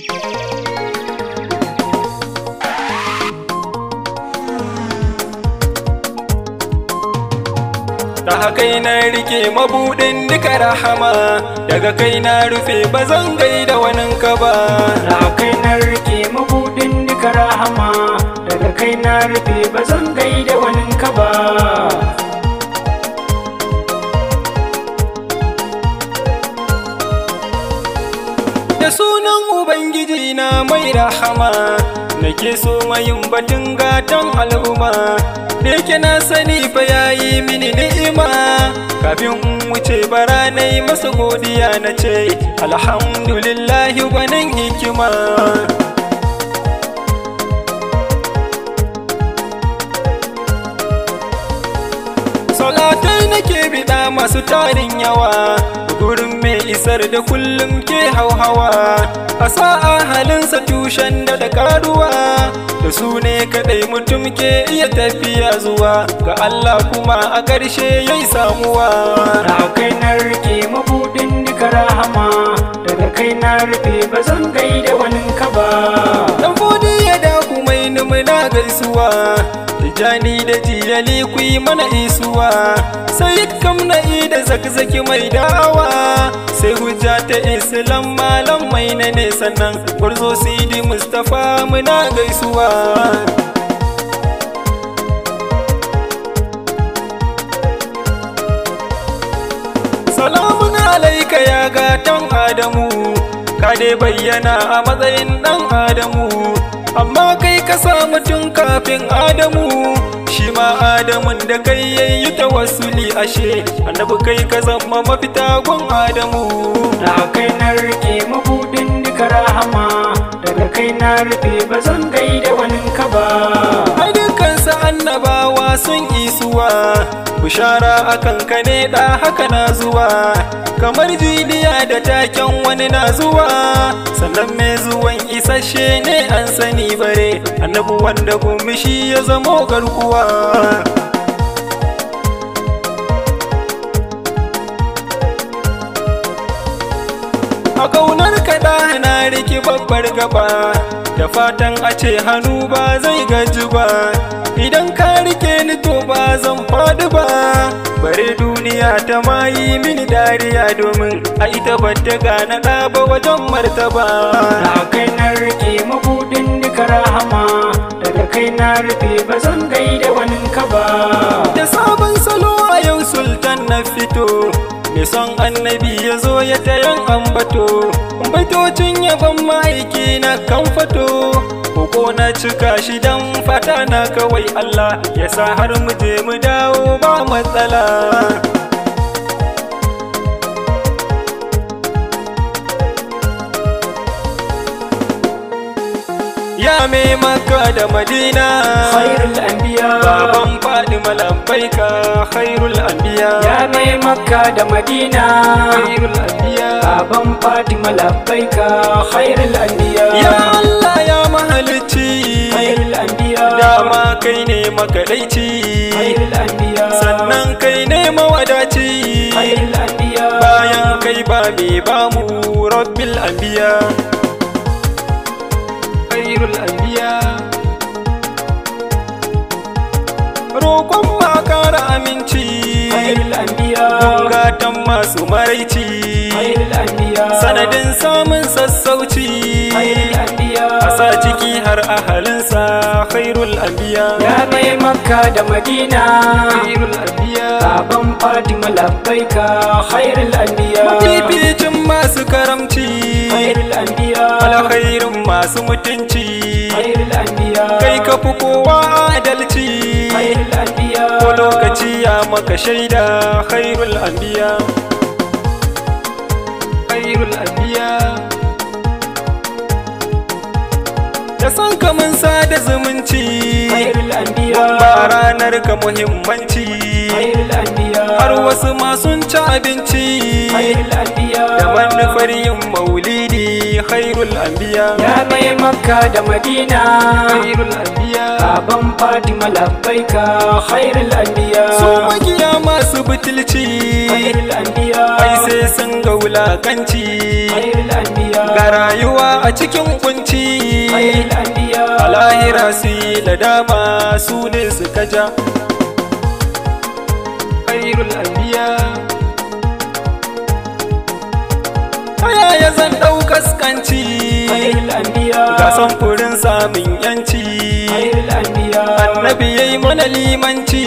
Da kai na rike mabuɗin duka rahama daga kai na rufe ba zan gaida waninka ba ta kai na rike mabuɗin duka rahama daga kai na rufe ba zan gaida waninka ba na mai rahama nake so mayin batun gatan al'umma da yake na sani fa yayi mini ni'ima kafin in wuce bara na yi masa godiya na ce alhamdulillahi gwanin hikima ake bida masu tarin yawa gurin mai isar da kullum ke hauhawa a sa'a halinsa tushen da da karuwa da su ne kaɗai mutum ke iya tafiya zuwa ga Allah kuma a ƙarshe ya yi samuwa Da kai na rike mabudin duka rahama daga kai na rufe ba zan gaida wani ka ba muna gaisuwa Tijani da jilali ku mana isuwa sai kam na da zakzaki mai dawa sai hujja ta islam malam mai na ne sannan gwarzo sidi mustafa muna gaisuwa salamun alaika ya gatan adamu ka dai bayyana a matsayin dan adamu amma kai ka samu tun kafin adamu shi ma adamun da kai yayi wasuli ashe annabi kai ka zama mafita gun adamu da kai na rike mabudin duka rahama daga kai na rufe ba zan gaida wani ka ba annabawa sun isuwa bushara akan ka ne da haka na zuwa kamar jidiya da taken wani na zuwa sannan mai zuwan isasshe ne an sani bare annabu wanda gumishi ya zamo garkuwa a kaunar kada na riki babbar gaba da fatan a ce hannu ba zai gaji ba idan ka rike ni to ba zan faɗi ba bare duniya ta mayi mini dariya domin a ita ba ta gane ba wajen martaba da kai na rike mabuɗin duka rahama daga kai na rufe ba zan gaida wani ka ba da sabon salo a yau sultan na fito mai son annabi ya zo ya tayan ambato Baitocin yabon ma'aiki na kan fato koko na cika shi dan fata na kawai Allah ya sa har mu je mu dawo ba matsala mai maka da madina khairul anbiya baban fadi malambaika khairul anbiya ya mai maka da madina khairul anbiya baban fadi malambaika khairul anbiya ya allah ya mahalici khairul anbiya dama kai ne makadaici khairul anbiya sannan kai ne mawadaci khairul anbiya bayan kai ba mai ba mu rabbil anbiya khairul anbiya ƙara aminci khairul anbiya gatan masu maraici sanadin samun sassauci khairul a sa ciki har ahalin khairul abiya ya mai makka da madina khairul abiya baban fatima labbaika khairul abiya mafificin masu karamci khairul abiya alkhairin masu mutunci khairul abiya kai ka fi kowa adalci khairul abiya ko lokaci ya maka shaida khairul abiya khairul abiya muhimmanci ba ranar ka muhimmanci har wasu ma sun ci abinci da manufar yin maulidi khairul anbiya ya mai makka da madina khairul anbiya baban fatima labbaika khairul anbiya su magiya masu butulci khairul anbiya ai sai sun ga wulakanci khairul anbiya ga rayuwa a cikin kunci khairul anbiya lahira su yi ladama su ne suka ja khairul anbiya kaskanci ga samfurin samun yanci annabi ya yi mana limanci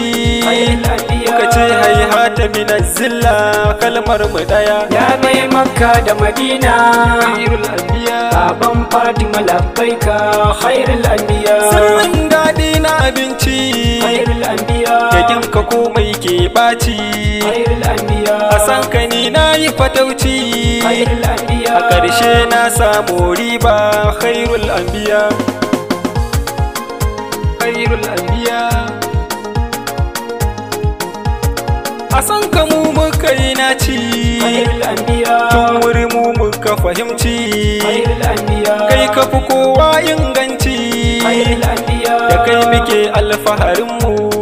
muka ce haihata minar zilla kalmar mu daya ya mai makka da madina baban fatima labbaika khairul anbiya sannan daɗi na abinci ya ginka komai ke ɓaci fatauci a ƙarshe na samu riba khairul anbiya a san ka mu muka yi naci tun wuri mu muka fahimci kai ka fi kowa inganci Ya kai muke alfaharinmu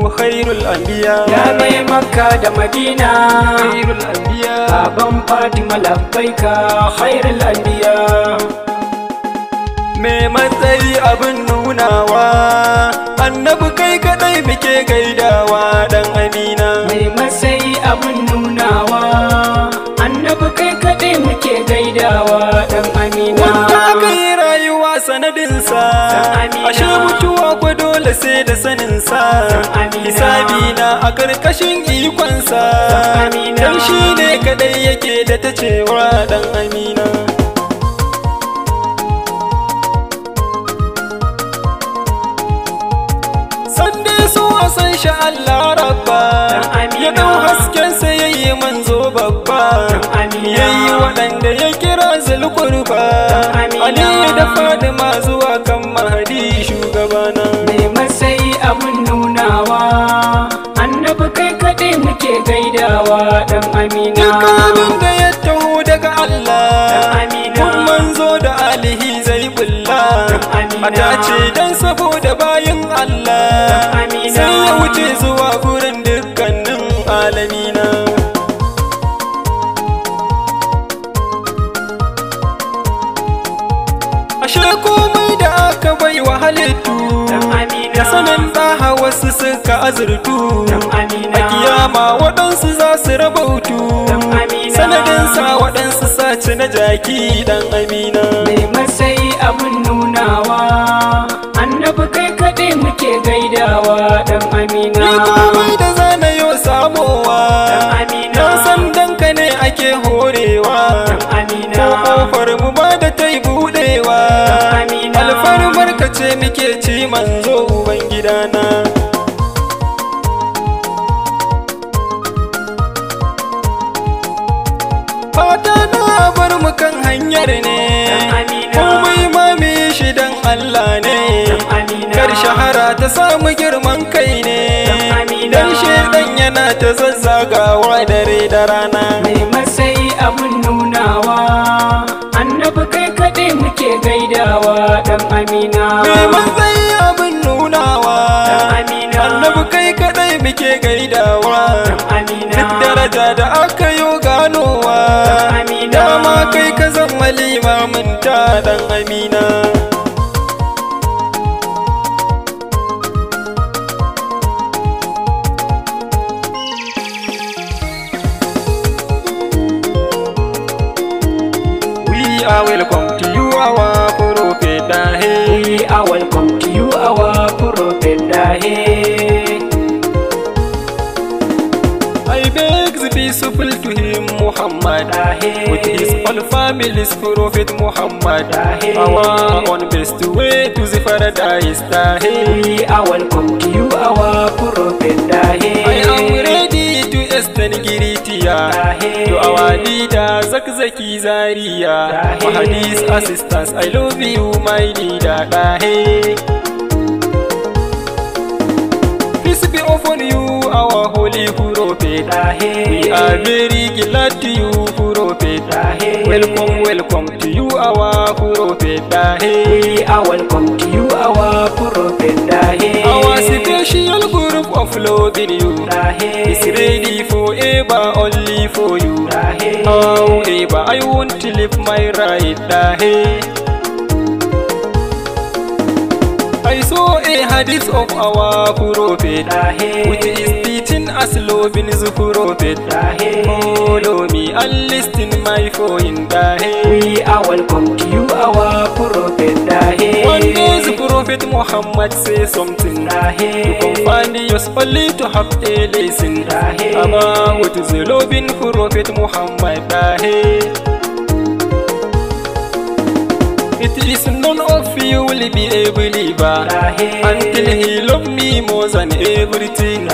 khairul anbiya ya mai makka da madina khairul anbiya baban fatima labbaika khairul anbiya Me matsayi abin nunawa annabi kai kadai muke gaidawa dan amina Me matsayi abin nunawa annabi kai kadai muke gaidawa dan amina wanda kai rayuwa sanadinsa ashe mutu sai da sanin sa hisabi na a karkashin ikonsa dan shi ne kadai yake da ta cewa dan amina sanda su san shi Allah rabba ya dau hasken sa yayi manzo babba yayi waɗanda ya kira zulkurba Ali da Fadima zuwa kan mahadi shugabana abun nunawa annabi kai kaɗai muke gaidawa ɗan amina dukkanin da ya taho daga Allah kun manzo da alihi zai bulla a dace dan saboda bayan Allah sai ya wuce zuwa gurin dukkanin alamina ashe komai da aka bai wa halitta suka azurtu a kiyama waɗansu za su rabautu sanadinsa waɗansu sace na jaki dan amina mai matsayi abin nunawa annabi kai kaɗai muke gaidawa dan amina ni komai da zanayo samowa na san danka ne ake horewa ko ƙofar mu ba da ta yi buɗewa alfarmar ka ce muke ci manzo ubangidana abubakar ne ma mami shi dan Allah ne kar shahara ta samu girman kai ne dan shedan yana ta zazzagawa dare da rana mai matsayi abun nunawa annabi kai kaɗai muke gaidawa dan amina mai matsayi abun nunawa annabi kai kaɗai muke gaidawa duk daraja da amina dama kai ka zama limamin ta dan amina We are welcome to you our prophet Dahe We are welcome to you our prophet Dahe I beg the peaceful to him Muhammad With his all families Prophet Muhammad Our on best way to the paradise Dahi I welcome to you our Prophet Dahi I am ready to extend Giritiya To our leader Zakzaki Zaria Mahadi's assistance I love you my leader Dahi Peace be upon you our holy prophet. We are very glad to you, Welcome, welcome to you, our We are welcome to you, our Our special group of love in you is ready forever only for you. However, I want to live my right. I saw a hadith of our prophet, which is أسلو بن زكرو بيت Follow me and listen my phone We are welcome to you our prophet One day the prophet Muhammad say something To confide yours only to have a lesson About the loving prophet Muhammad It is none of you will be a believer until He love me more than everything.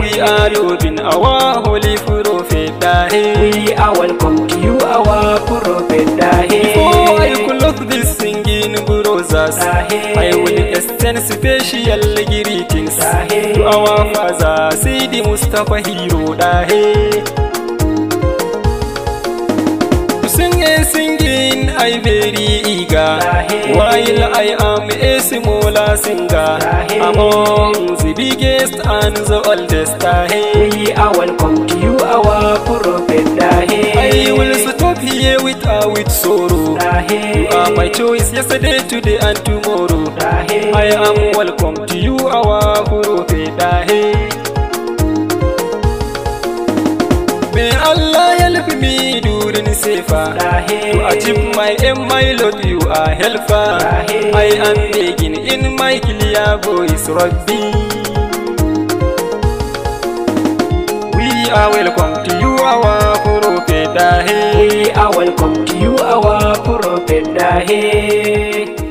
We are loving our holy prophet. We are welcome to you, our prophet. Before I close this singing, brothers, I will extend special greetings to our father, Sidi Mustafa Hero. sin I very iga While I am a singa singer Among the biggest and the oldest I welcome to you our prophet I will stop here sorrow You are my choice yesterday, today and tomorrow I am welcome to you our prophet safer. To achieve my aim, eh, my Lord, you are helper. I am begging in my clear voice, Rabbi. We are welcome to you, our prophet. We are welcome to you, our prophet.